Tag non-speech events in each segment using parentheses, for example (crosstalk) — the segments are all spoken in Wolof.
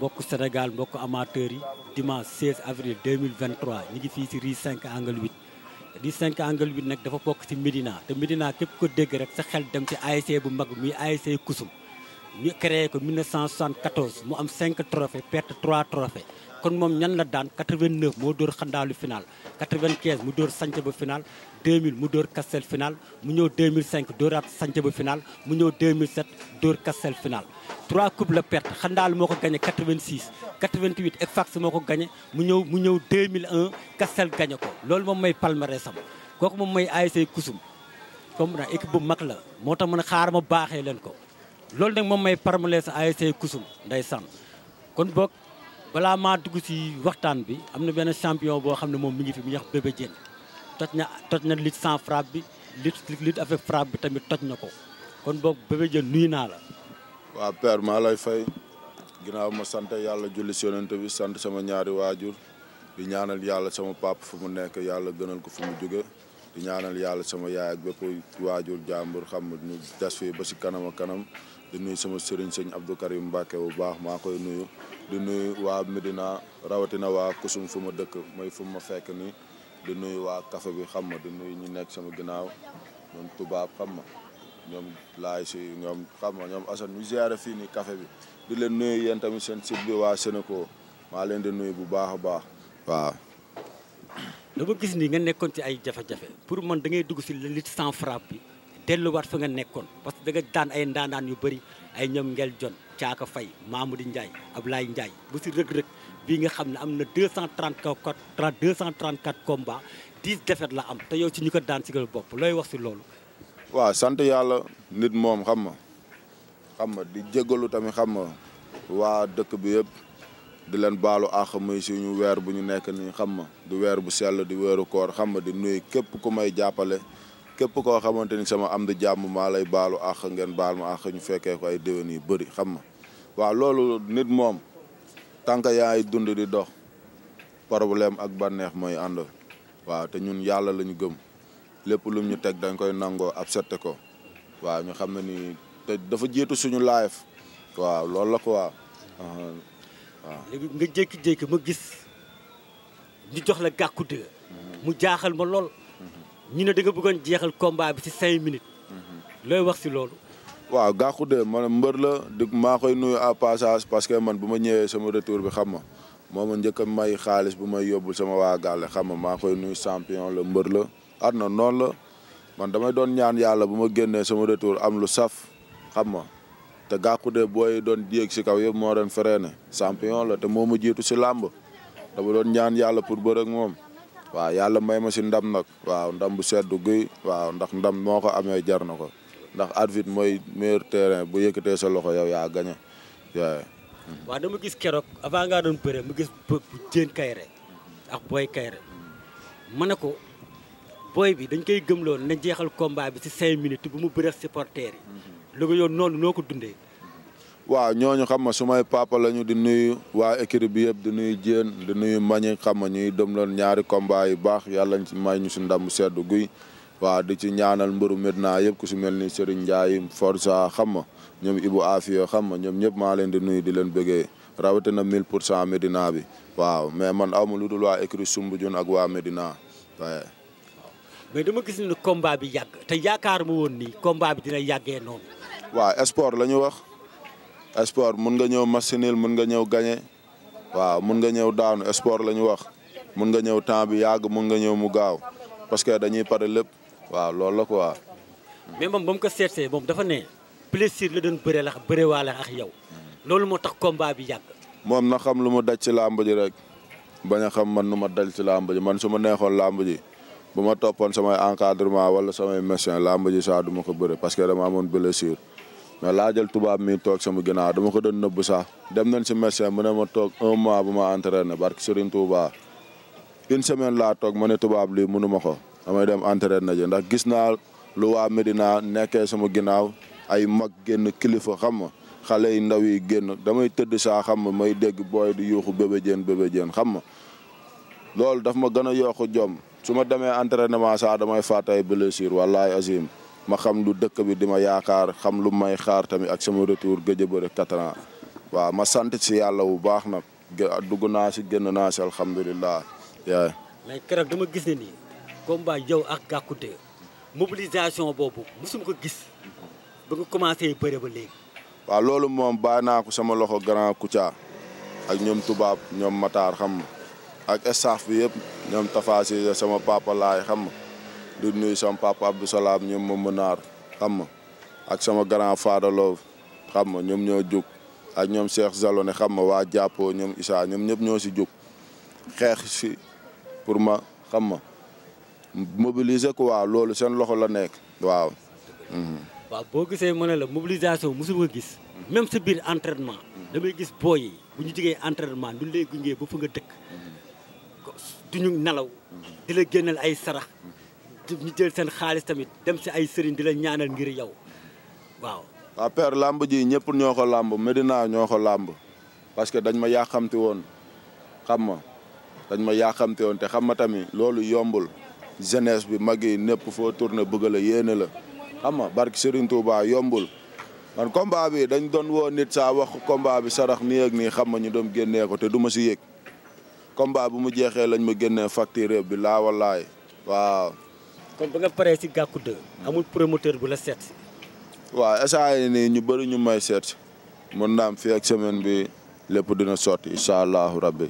mbokk Sénégal mbokk amateurs yi dimanche 16 avril 2023 ñu ngi fii si rue 5 angle 8. rue 5 angle nag dafa bokk si Médina te Médina képp ko dégg rek sa xel dem si ASC e bu mag muy ASC e Kusum. ñu créé ko 1974 mu am 5 trophées perte 3 trophées kon moom ñan la daan 89 moo dóor xandaalu final 95 mu dóor sanc ba final 2000 mu dóor Castel final mu ñëw 2005 dóoraat sanc ba final mu ñëw 2007 dóor Castel final. 3 coupes la perte xandaalu moo ko gagné 86 88 Efax moo ko gagné mu ñëw mu ñëw 2001 Castel gagné ko loolu moom mooy palmarèsam kooku moom mooy ASC Kusum comme na équipe bu mag la moo tax mën a xaar ma baaxee leen ko. loolu nag moom may parmale sa ASC Kusum sant kon boog balaa maa dugg si waxtaan bi am na benn champion boo xam ne moom mi ngi fi mu ñuy wax Bébé toj na toj na lutte sans frappe bi lutte lutte avec frappe bi tamit toj na ko kon boog Bébé Diène naa la. waa père maa lay fay ginnaaw ma sant yàlla julli si yonent bi sant sama ñaari waajur di ñaanal yàlla sama papa fu mu nekk yàlla gënal ko fu mu jóge di ñaanal yàlla sama yaay ak bépp waajur jàmbur xam ñu des fii ba si kanam kanam di nuy sama sëriñ sëñ Abdou Karim Mbacke bu baax maa koy nuyu di nuyu waa Medina rawatina waa Kusum fu ma dëkk mooy fu ma fekk ni di nuyu waa café bi xam ma di nuyu ñi nekk sama ginnaaw ñoom tubaab xam ma ñoom laay si ñoom xam ma ñoom Assane ñu ziare fii nii café bi di leen nuyu yéen tamit seen site bi waa Sénégal maa leen di nuyu bu baax a baax waaw dama gis nii nga nekkoon ci ay jafe-jafe pour man dangay ngay dugg si lutte sans frappe bi delluwaat fa nga nekkoon parce que da nga daan ay ndaanaan yu bëri ay ñoom ngel jon Caaka Faye Mamoudi Ndiaye Ablaye njaay bu si rëg-rëg bii nga xam ne am na 234 234 combats 10 défaites la am te yow ci ñu ko daan si gal bopp looy wax si loolu waa sant yàlla nit moom xam ma xam ma di jégalu tamit xam ma waa dëkk bi yëpp di leen baalu àq muy suñu weer bu ñu nekk nii xam ma du weer bu sell di weeru koor xam ma di nuyu képp ku may jàppale képp koo xamante ni sama am di jàmm maa lay baalu àq ngeen baal ma àq ñu fekkee ko ay déwén yu bëri xam ma waaw loolu nit moom tànk yaay dund di dox problème ak banneex mooy ànd waaw te ñun yàlla lañu gëm lépp lum ñu teg dañ koy nangoo accepté ko waaw ñu xam na nii dafa jiitu suñu live waaw loolu la quoi waaw léegi nga jékki-jékki ma gis ñu jox la gàkku dëgg mhm. mu jaaxal ma lool. Mhm. ñu ne da nga bëggoon jeexal combat bi ci cinq minutes. Mhm. looy wax ci loolu. waaw gàkku dëgg man mbër la di maa koy nuyu à passage parce que man bu ma ñëwee sama retour bi xam ma moo ma njëkk may xaalis bu may yóbbul sama waa gàlle xam ma maa koy nuyu sampion la mbër la. at na noonu la man damay doon ñaan yàlla bu ma génnee sama retour am lu saf xam ma. te gàkku de booy doon jéeg si kaw yëpp moo doon freiné champion la te moo ma jiitu si làmb dama doon ñaan yàlla pour bëre ak moom waaw yàlla may ma si ndam nag waaw ndam bu seddu guy waaw ndax ndam moo ko amee jar na ko ndax arbitre mooy meilleur terrain bu yëkkatee sa loxo yow yaa gañe waaw dama gis keroog avant ngaa doon bëre ma gis Diène Kaïré ak Boy Kaïré ma ne ko booy bi dañ koy gëmloon na jeexal combat bi si cinq minutes bu mu bëreex supporter léegi yow noonu noo ko dundee. waaw ñooñu xam ma sumay papa lañu di nuy waa écurie bi yëpp di nuy Diène di nuy Mañi xam ma ñuy dem loon ñaari combat yu baax yàlla ñu ci may ñu si ndam seddu guy. waaw di ci ñaanal mbëru Medina yëpp ku si mel ni Serigne Ndiaye Forza xam ma ñoom Ibou Afio xam ma ñoom ñëpp maa leen di nuyu di leen bëggee rawatina 1000 pour cent Medina bi waaw mais man aw ma lu dul waa écurie Soumbédioune ak waa Medina waaye. mais dama gis ne combat bi yàgg te yaakaar mu woon ni combat bi dina yàggee noonu. waaw sport la ñu wax sport mun nga ñëw machinil mun nga ñëw gañe waaw mun nga ñëw daanu sport la ñu wax mun nga ñëw temps bi yàgg mun nga ñëw mu gaaw parce que dañuy pare lépp waaw loolu la quoi. mais moom ba mu ko seetsee dafa ne plaisir la doon bëree la bëree waale ak yow loolu moo tax combat bi yàgg. moom na xam lu mu daj ci làmb ji rek bañ a xam man nu ma daj ci làmb ji man su ma neexoon làmb ji bu ma toppoon samay encadrement wala samay médecin làmb ji saa du ma ko bëre parce que dama amoon blessure mais laajal tubaab mi toog sama ginnaaw dama ko doon nëbb sax dem nañ si médecin mu ne ma toog un mois bu ma entraîné barke Serigne Touba une semaine laa toog ma ne tubaab lii mënu ma ko damay dem entraîné ji ndax gis naa lu waa Medina nekkee sama ginnaaw ay mag génn kilifa xam ma xale yi ndaw yi génn damay tëdd saa xam ma may dégg booy di yuuxu bébé jeen bébé jeen xam ma loolu daf ma gën a yokk jom su ma demee ma sax damay fàttay blessure wallahi azim ma xam lu dëkk bi di ma yaakaar xam lu may xaar tamit ak sama retour gëj a bëri quatre waaw ma sant si yàlla bu baax na dugg naa si génn naa si alhamdulilah. yaa mais keroog dama gis ne nii combat yow ak Gackou 2 mobilisation boobu suma ko gis ba nga commencé bëre ba léegi. waaw loolu moom bàyyi naa ko sama loxo grand Kouthia ak ñoom tubaab ñoom Matar xam ma ak staff bi yëpp ñoom Tafa sama papa xam ma du nuyu sama papa Abdou ñoom ma mënaar xam ma ak sama grand faadaloo xam ma ñoom ñoo jóg ak ñoom seex Cheikh ne xam ma waa jàppoo ñoom Issa ñoom ñëpp ñoo si jóg xeex si pour ma xam ma mobiliser ko waaw loolu seen loxo la nekk waaw waa boo gisee ma ne la mobilisation mosuma gis même sa biir entraînement damay gis booy yi bu ñu jigee entraînement du lay gungee ba fa nga dëkk ñu nelaw di la génnal ay sarax ñu jël seen xaalis tamit dem si ay sëriñ di la ñaanal ngir yow waaw. waa làmb ji ñëpp ñoo ko làmb Medina ñoo ko làmb parce que dañ ma yàqamti woon xam ma dañ ma yàqamti woon te xam ma tamit loolu yombul jeunesse bi mag yi ñëpp foo ne bëgg a yéene la xam ma barki Serigne Touba yombul. man combat bi dañ doon woo nit saa wax combat bi sarax nii ak nii xam ma ñu doon génnee ko te duma si yëg combat bu mu jeexee lañ ma génnee facture bi laa wallaay waaw. kon ba nga paree si Gàkku 2 amul promoteur bu la seet si. waaw instant yii nii ñu bëri ñu may seet si mën naa am fii ak semaine bi lépp dina sotti incha allahu rabbi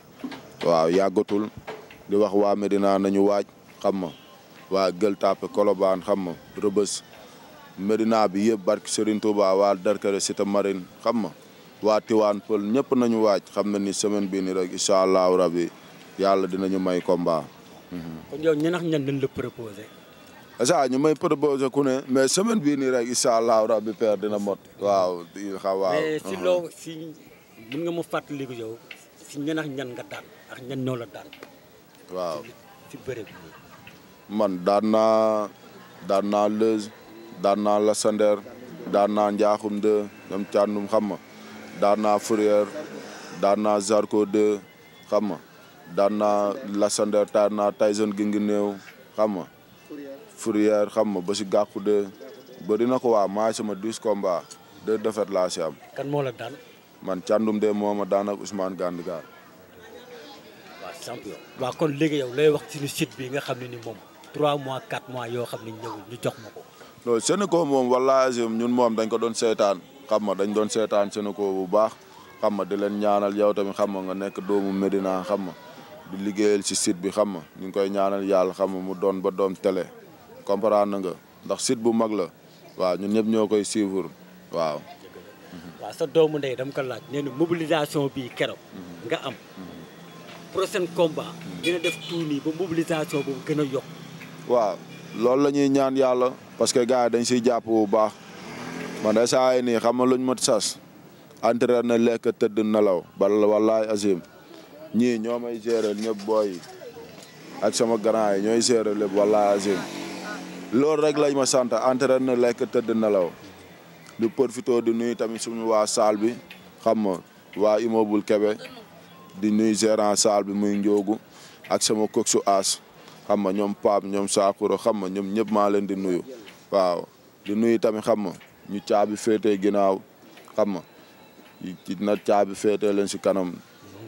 waaw yàggatul di wax waa Medina nañu waaj xam ma waa Gueule Tapée Colobane xam ma Rebeuss Medina bi yëpp barke Serigne Touba waa Darkare Cité Marine xam ma waa Tiwaan Pël na ñu waaj xam na ni semaine bii nii rek incha allahu rabbi yàlla dina ñu may combat. kon yow ñan asa ñu may proposé ku ne mais semaine bii nii rek incha allahu rabbi père dina mot. waaw di xaw waaw. mais si uh-huh. loo nga ma fàttali ko si ñan ak ñan nga daan ak ñan ñoo daan. waaw ci bëre man daan naa daan naa Leuz daan naa Lassander daan naa Ndiakhoum 2 ñoom Thiandoum xam ma daan naa Fourier daan naa Zarko 2 xam ma daan naa Lassander daan naa Tyson xam Fourier xam ma ba si gàkku de bëri na ko waa maa sama dix combat deux défaites laa si am. kan moo la daan. man càndum de moo ma daan ak Ousmane Gandigaar. waaw champion. waaw kon léegi yow lay wax ci site bi nga xam ne ni moom trois mois quatre mois yoo xam ne ñëwul ñu jox ma ko. loolu Sénégal moom wallaahi ñun moom dañ ko doon seetaan xam ma dañ doon seetaan ko bu baax xam ma di leen ñaanal yow tamit xam ma nga nekk doomu Medina xam ma di liggéeyal si site bi xam ma ñu ngi koy ñaanal yàlla xam ma mu doon ba doom télé. comprendre nga ndax site bu mag la waaw ñun ñëpp ñoo koy suivre waaw. waaw sa doomu ndey dama ko laaj nee na mobilisation bi keroog nga am prochain combat dina def tout ba mobilisation boobu gën a yokk waaw loolu la ñuy ñaan yàlla parce que gars yi dañ siy jàpp bu baax man de saa xam nga luñ ma sas entraîné na lekk tëdd nelaw bala wallaay azim ñii ñoo may gérer ñëpp booy sama grand yi ñooy gérer lépp wallaay azim loolu rek lañ ma sant entraîne lekk tëdd nelaw di profité di nuy tamit suñu waa saal bi xam ma waa immeuble Kébé di nuyu gérant saal bi muy njoogu ak sama kok su aas xam ma ñoom Pape ñoom Sakura xam ma ñoom ñëpp maa leen di nuyu waaw di nuyu tamit xam ma ñu caabi féetee ginnaaw xam ma na caabi féetee leen si kanam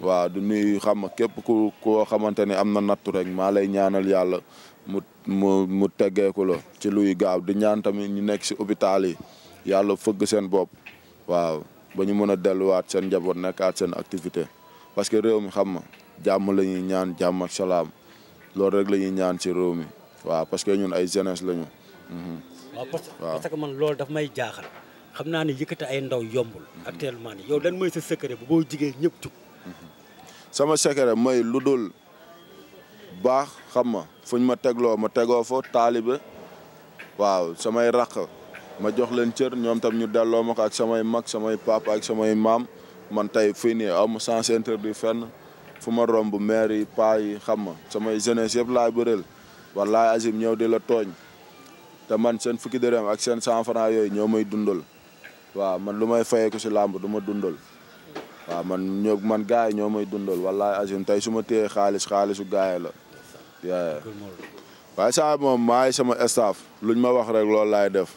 waaw di nuyu xam ma képp ku koo xamante ne am na nattu rek maa lay ñaanal yàlla mu mu mu teggeeku la ci luy gaaw di ñaan tamit ñu nekk si hôpital yi yàlla fëgg seen bopp waaw ba ñu mën a delluwaat seen njaboot nekkaat seen activité parce que réew mi xam ma jàmm la ñuy ñaan jàmm ak salaam loolu rek la ñuy ñaan si réew mi waaw parce que ñun ay jeunesse la ñu. Mhm. waaw parce que man loolu daf may jaaxal xam naa ni yëkkati ay ndaw yombul. Mhm. actuellement nii yow lan mooy sa secret bu boo jigee ñëpp jug. Mhm. sama secret mooy lu dul baax xam ma fuñ ma tegloo ma tegoo fa taalibe waaw samay raq ma jox leen cër ñoom tam ñu delloo ma ko ak samay mag samay papa ak samay maam man tey fii nii aw ma sens interdit fu ma romb maire yi paa xam ma samay jeunesse yëpp laay bëreel wallaay azim ñëw di la tooñ te man seen fukki dërëm ak seen cent franc yooyu ñoo may dundal waaw man lu may fayee ko si làmb du ma dundal waaw man ñoo man gars ñoo may dundal wallaay azim tey suma ma téyee xaalis xaalisu gars la waaye saa maay sama staff luñ ma wax rek loolu laay def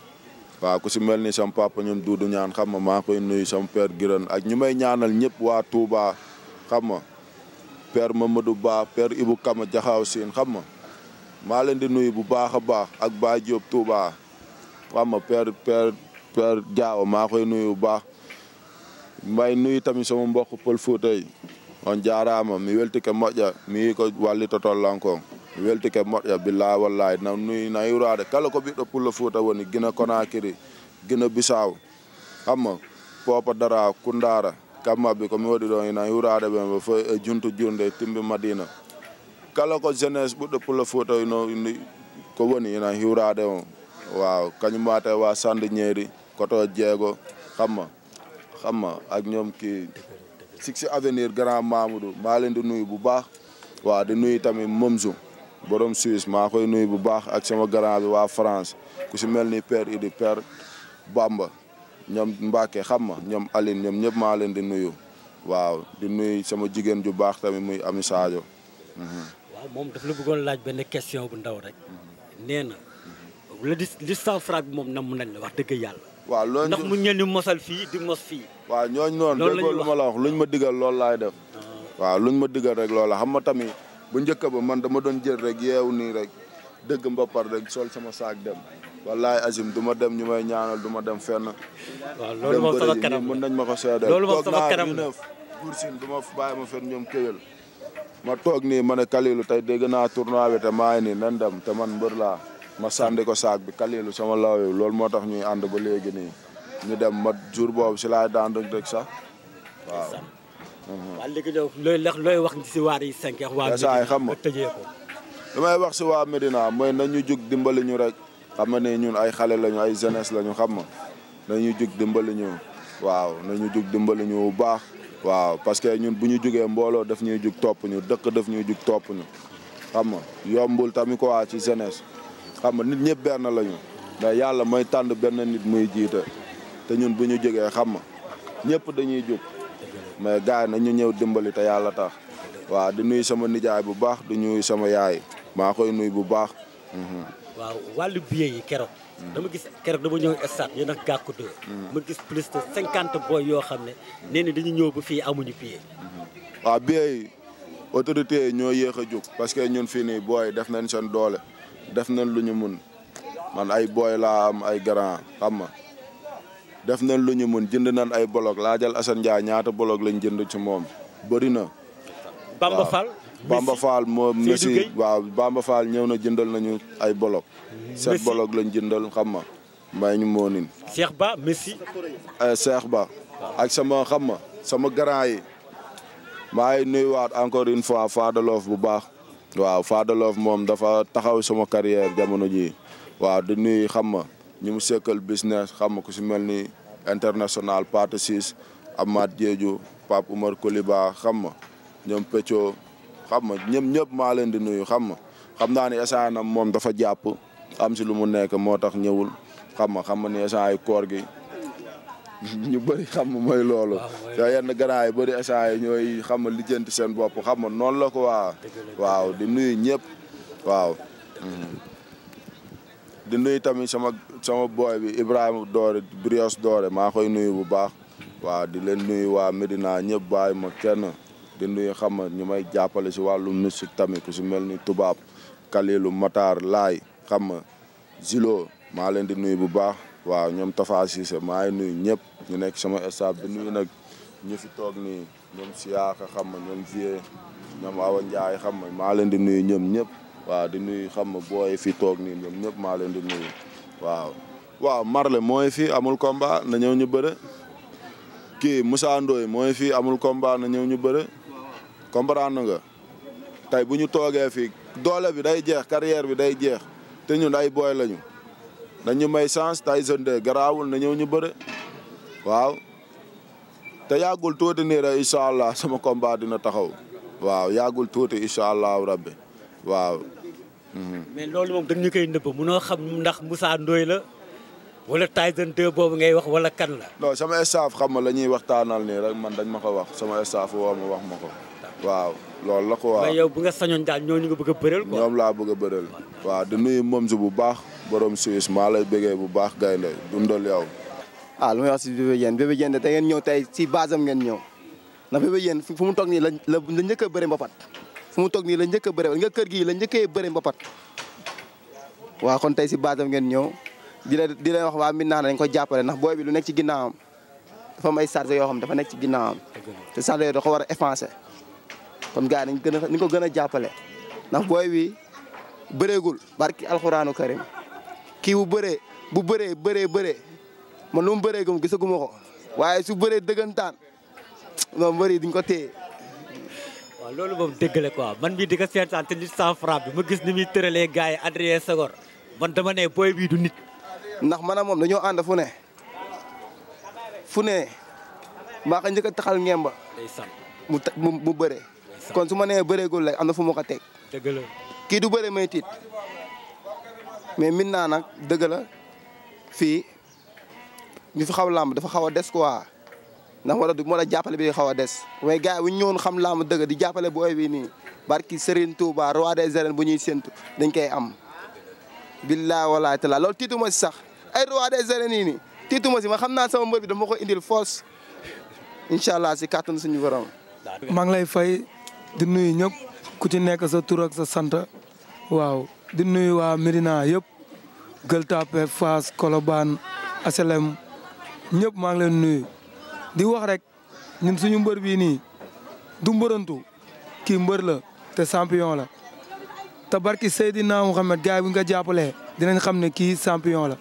waaw ku si mel ni sama papa ñoom duudu ñaan xam maa koy nuyu sama père Girane ak ñu may ñaanal ñëpp waa Touba xam ma père Mamadou Ba père Ibou Kama jaxaw Siin xam ma maa leen di nuyu bu baax a baax ak Ba Diop Touba xam ma koy nuyu bu baax may nuyu tamit sama mbokk pël Fuuta yi on jaaraama mi welti ke moƴƴa mi yi ko wàlli totol lankoon mi weltike moƴƴa billahi wallahi na nuyi na yurade kala ko ɓiɗɗo pulla fouta woni guina konakiri guina bisaw hamma popa dara kundara kammaɓe komi waɗi ɗo ina yurade ɓe ɓe fo e junto jurde timɓe madina kala ko jeunesse ɓuɗɗo pulla fouta no ko woni ina hiwrade o waaw kañum wate wa sande ñeeri koto jeego xamma xamma ak ñoom kii six avenir grand mamoudou maa leen di nuyu bu baax waaw di nuyu tamit momzu borom Suisse maa koy nuyu bu baax ak sama grand waa France ku si mel ni père Idi père Bamba ñoom Mbacke xam ma ñoom Aline ñoom ñëpp maa leen di nuyu waaw di nuyu sama jigéen ju baax tamit muy Ami Sadio. Mhm. waaw moom daf la bëggoon laaj benn question bu ndaw rek. nee na di li cent franc moom nam nañ la wax dëgg yàlla. waaw loolu ndax mu ñenn mosal fii di mos fii. luñ ma digal loolu laay def. Ah. waaw luñ ma digal rek loola xam ma tamit. bu njëkk ba man dama doon jël rek yeewu nii rek dëgg mbappar rek sol sama saak dem wallaay Azim du ma dem ñu may ñaanal du ma dem fenn. waaw loolu mën nañ ma ko seedeel. loolu moom sama kanam toog naa Boursine du ma bàyyi ma fenn ñoom Kéwél. ma toog nii ma ne Kalilu tey dégg naa tournoi bi te maa ngi nii nan dem te man mbër laa ma sànni ko saak bi Kalilu sama law yi loolu moo tax ñuy ànd ba léegi nii ñu dem ma jour boobu si laay daan rek rek sax waaw. waaw léegi looy looy wax si waa yi cinq waa xam nga tëjee ko wax si waa Médina mooy nañu jug dimbali ñu rek xam nga ne ñun ay xale lañu ay jeunesse lañu xam nga nañu jug dimbali ñu waaw ñu jug dimbali ñu bu baax waaw parce que ñun bu ñu jugee mbooloo daf ñuy jug topp ñu dëkk daf ñuy jug topp ñu xam nga yombul tamit ko waa ci jeunesse xam nga nit ñëpp benn lañu mais yàlla mooy tànd benn nit muy jiite te ñun bu ñu jógee xam nga ñëpp dañuy jug mais gars yi na ñu ñëw dimbali te yàlla tax waaw di nuyu sama nijaay bu baax du nuyu sama yaay maa koy nuyu bu baax. waaw wàllu billet yi keroog. dama gis keroog dama ñëw stade ñu nag gàkku deux ma gis plus de cinquante boy yoo xam ne nee na dañu ñëw ba fii amuñu fii waaw billet yi autorités yi ñoo yéex a jóg parce que ñun fii nii booy def nañ seen doole def nañ lu ñu mun man ay booy laa am ay grand xam def na lu ñu mën jënd nañ ay bolok laajal Assane Ndiaye ñaata bolok lañu jënd ci moom bëri na. Bamba waaw Bamba ñëw na jëndal nañu ay bolok. seet bolok lañ jëndal xam ma mbay ñu moo nin. Cheikh Ba Messi. Eh, Cheikh Ba. ak sama xam ma sama grand yi. maa ngi nuyuwaat encore une fois Fada Loof bu baax. waaw Fada moom dafa taxaw sama carrière jamono ji waaw di nuyu xam ñu mu sekkal business xama nga ku si mel ni international Pate Ciss Amath Diédhiou Pape Oumar Koliba xam ma ñoom Pécco xam ma ñëpp ñëpp maa leen di nuyu xam ma xam naa ni instant moom dafa jàpp am si lu mu nekk moo tax ñëwul xama ma xam ma ni instant ay koor gi (laughs) ñu bëri xam ma mooy loolu. waaw yenn ganaar yi bëri instant yi ñooy xam ma lijjanti seen bopp xam ma noonu la ko waa waaw di nuyu ñëpp waaw. di nuyu tamit sama sama booy bi Ibrahima Doore Brioche Doore maa koy nuyu bu baax waaw di leen nuyu waa Medina ñëpp baay ma kenn di nuyu xam ñu may jàppale si wàllu musique tamit ku si mel ni tubaab Kalilu Matar Laay xam nga Zilo maa leen di nuyu bu baax waa ñoom Tafa Cissé maa ngi nuyu ñëpp ñu nekk sama staff di nuyu nag ñu fi toog nii ñoom Siyaaka xam nga ñoom Vieux ñoom Awa Ndiaye maa leen di nuyu ñoom ñëpp. waaw di nuyu xam nga booy fi toog nii ñëpp maa leen di nuyu waaw. waaw Marley mooy fi amul komba na ñëw ñu bëre kii Moussa mooy fi amul combat na ñëw ñu bëre comprendre nga tey bu ñu toogee fii doole bi day jeex carrière bi day jeex te ñun ay booy lañu dañu may chance tay jeune garaawul na ñëw ñu bëre waaw te yàggul tuuti nii rek incha allah sama combat dina taxaw waaw yàggul tuuti incha allah rabbi waaw. mais loolu moom dañ ñu koy nëbb munoo xam ndax Moussa Ndoye la wala Tyson 2 boobu ngay wax wala kan la. non sama staff xam ma la ñuy waxtaanal nii rek man dañ ma ko wax sama staff woo ma wax ma ko. waaw loolu la ko waaw mais yow bu nga sañoon daal ñooñu nga bëgg a bëreel quoi. ñoom laa bëgg a bëreel. waaw di nuyu si bu baax borom Suisse maa lay bëggee bu baax gaynde dundal yow. ah lu may wax si Bébé Diène Bébé Diène da ngeen ñëw tey si base ngeen ñëw ndax Bébé Diène fu mu toog nii la la njëkk a bëre fu mu toog nii la njëkk a bëre nga kër gii la njëkkee bëre mbapat waaw kon tey si baasam ngeen ñëw di la di la wax waa Mbinaan dañ ko jàppale ndax booy bi lu nekk ci ginnaawam dafa am ay charge yoo xam dafa nekk ci ginnaawam te charge yooyu da ko war a effacé kon gars yi nañ gën a nañ ko gën a jàppale ndax booy bi barki alxuraanu karim kii bu bëree bu bëree bëree bëree man lu mu bëree gum gisaguma ko waaye su bëree dëggantaan non mbëri diñ ko téye waaw loolu moom dëgg la man bii di ko seetaan te nit sans bi ma gis ni muy tëralee gars yi Adrien Senghor man dama ne booy bii du nit. ndax man ak moom dañoo ànd fu ne fu ne maa ko njëkk a taxal ngemba. ndeysaan mu ta mu bëre. kon su ma nee bëreegul lay am na fu ma ko teg. dëgg kii du bëre may tiit mais min naa nag dëgg fii ni fi xaw làmb dafa xaw a des quoi. ndax moo tax du moo tax jàppale bi xaw a des mais gars yi bu ñëwoon xam laamu dëgg di jàppale booy bi nii barki Serigne Touba roi des arènes bu ñuy séntu dañ koy am billaa walaa taala loolu tiituma si sax ay roi des arènes yi nii tiituma si ma xam naa sama mbër bi dama ko indil force incha allah si kàttan suñu borom maa ngi lay fay di nuyu ñëpp ku ci nekk sa turak sa sant waaw di nuyu waa Médina yëpp Gueule Tapée Fass Colobane HLM ñëpp maa ngi leen nuyu di wax rek ñun suñu mbër bii nii du mbërantu kii mbër la te champion la te barki Seydina Mouhamed gars yi bu ñu nga jàppalee dinañ xam ne kii champion la.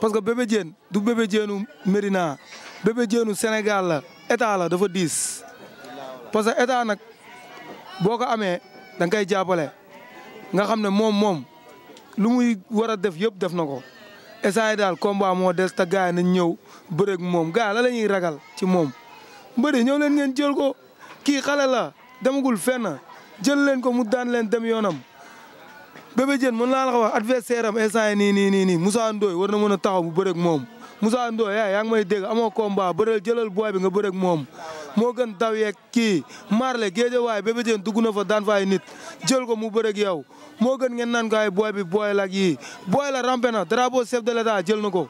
parce que Bébé Diène du Bébé Dièneu Médina Bébé Dièneu Sénégal la état la dafa diis parce que état nag boo ko amee da nga jàppale nga xam ne moom moom lu muy war a def yëpp def na ko. essayé daal combat moo des te gars yi nañ ñëw bëreeg moom gars la la ñuy ragal ci moom. mbëri ñëw leen ngeen jël ko kii xale la demagul fenn jël leen ko mu daan leen dem yoonam. Bébé Diène mën naa la ko wax adversaire am nii nii nii nii Moussa Ndoye na mën a taxaw bu bëreeg moom Moussa Ndoye yaa ngi may dégg amoo combat bëreel jëlal boy bi nga bëreeg moom moo gën daw yeeg kii marle géejawaay Bébé Diène dugg na fa daan fa ay nit jël ko mu bëreeg yow moo gën ngeen naan ko ay booy bi booy la ak yii booy la rampe na drapeau chef de jël na ko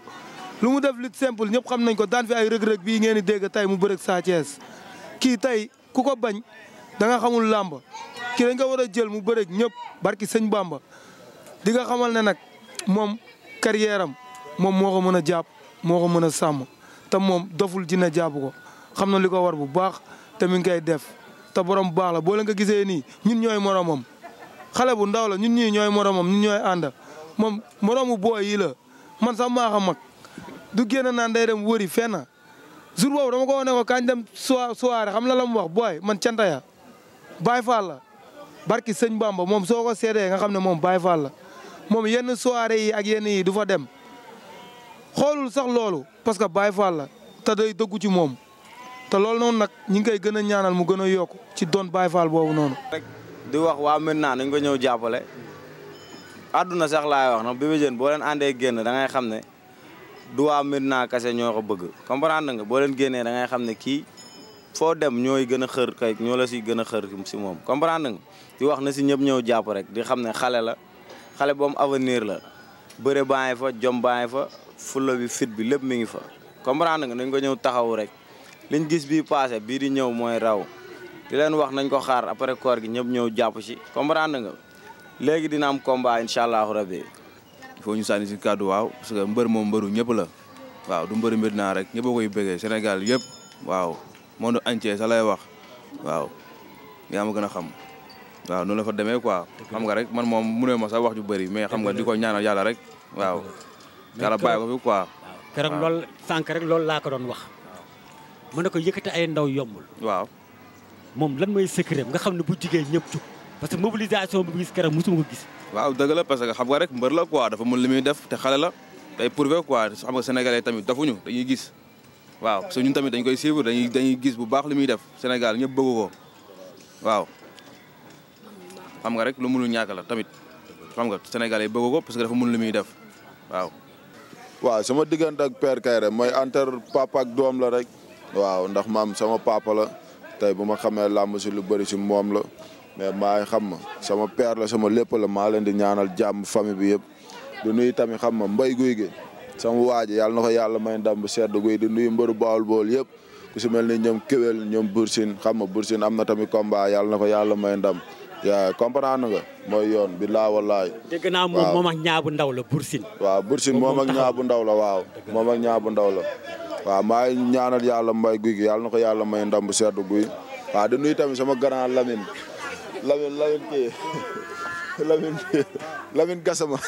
lu mu def lutte simple ñëpp xam nañ ko daan fi ay rëg-rëg bii ngeen di dégg tey mu bëreeg Sa Thiès kii tey ku ko bañ da xamul làmb kii dañ ko war a jël mu bëreeg ñëpp barki sëñ Bamba di nga xamal ne nag moom carrière moom moo ko mën a jàpp moo ko mën a sàmm te moom doful dina jàpp ko xam na li ko war bu baax te mi ngi koy def te borom baax la boole nga ko gisee nii ñun ñooy moromam xale bu ndaw la ñun ñii ñooy moromam ñun ñooy ànd moom mu booy yi la man sa maa xam mag du génn naan day dem wëri fenn jour boobu dama ko wane ko kañ dem soirée xam la la mu wax booy man canta ya Baay Faal la barki sëñ Bamba moom soo ko seedee nga xam ne moom Baay Faal la moom yenn soirée yi ak yenn yi du fa dem xoolul sax loolu parce que Baay Faal la te day dëggu ci moom te loolu noonu nag ñi ngi koy gën a ñaanal mu gën a yokk ci doon Baye Fall boobu noonu. rek di wax waa maintenant nañ ko ñëw jàppale àdduna sax laay wax na Bébé Diène boo leen àndee génn da xam ne du waa maintenant kase ñoo ko bëgg comprendre nga boo leen génnee dangay xam ne kii foo dem ñooy gën a xër kay ñoo la si gën a xër si moom comprendre nga di wax na si ñëpp ñëw jàpp rek di xam ne xale la xale boobu avenir la bëre baa ngi fa jom baa fa fulla bi fit bi lépp mi ngi fa comprendre nga nañ ko ñëw taxaw rek. liñ gis bi passé bii di ñëw mooy raw di leen wax nañ ko xaar après koor gi ñëpp ñëw jàpp ci comprendre nga léegi dina am combat incha allahu rabi. il ñu sànni si kàddu waaw parce que mbër moom mbëru ñëpp la waaw du mbëru Medina rek ñëpp a koy senegal Sénégal yëpp waaw monde entier sa lay wax waaw yaa gën a xam. waaw noonu la fa demee quoi xam nga rek man moom mu ma sa wax ju bëri mais xam nga di ko ñaanal yàlla rek waaw. yàlla bàyyi ko fi quoi. waaw rek loolu laa ko doon wax. mu ne ko yëkkati ay ndaw yombul. waaw moom lan may secret nga xam ne bu jigee ñëpp jug parce que mobilisation bi gis keroog mosuma ko gis. waaw dëgg la parce que xam nga rek mbër la quoi dafa mën li muy def te xale la day prouver quoi xam nga sénégalais tamit dafuñu gis. waaw parce que ñun tamit dañ koy suivre dañuy dañuy gis bu baax li muy def Sénégal ñëpp bëgg ko waaw. xam nga rek lu mënul ñàkk la tamit xam nga sénégalais bëgg ko parce que dafa mun lu muy def waaw. waaw sama diggante ak Père Kairé mooy entre papa ak doom la rek. waaw ndax maam sama papa la tey bu ma xamee làmb si lu bëri si moom la mais maa ngi xam ma sama père la sama lépp la maa leen di ñaanal jàmm famille bi yëpp du nuyu tamit xam ma mbay guy gi sama waaji yàlla na ko yàlla may ndam bu sedd guy di nuyu mbaru bawol bool yëpp ku si mel ni ñoom kéwél ñoom bursin xam ma bursin am na tamit combat yàlla na ko yàlla may ndam yaa comprendre nga mooy yoon bi laa wallaay. dégg naa moom moom ak ñaabu ndaw la bursin. waaw bursin moom ak bu ndaw la waaw moom ak ñaabu ndaw la. waaw maa ngi ñaanal yàlla mbay guy gi yàlla na ko yàlla may ndam bu sedd guy waaw di nuyu tamit sama grand Lamine Lamine Lamine kii (laughs) Lamine Lamine Gassama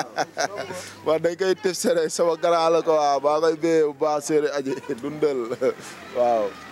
(laughs) waaw dañ koy tëf sere sama grand la ko waaw maa koy béyee bu baax séeré dundal (laughs) waaw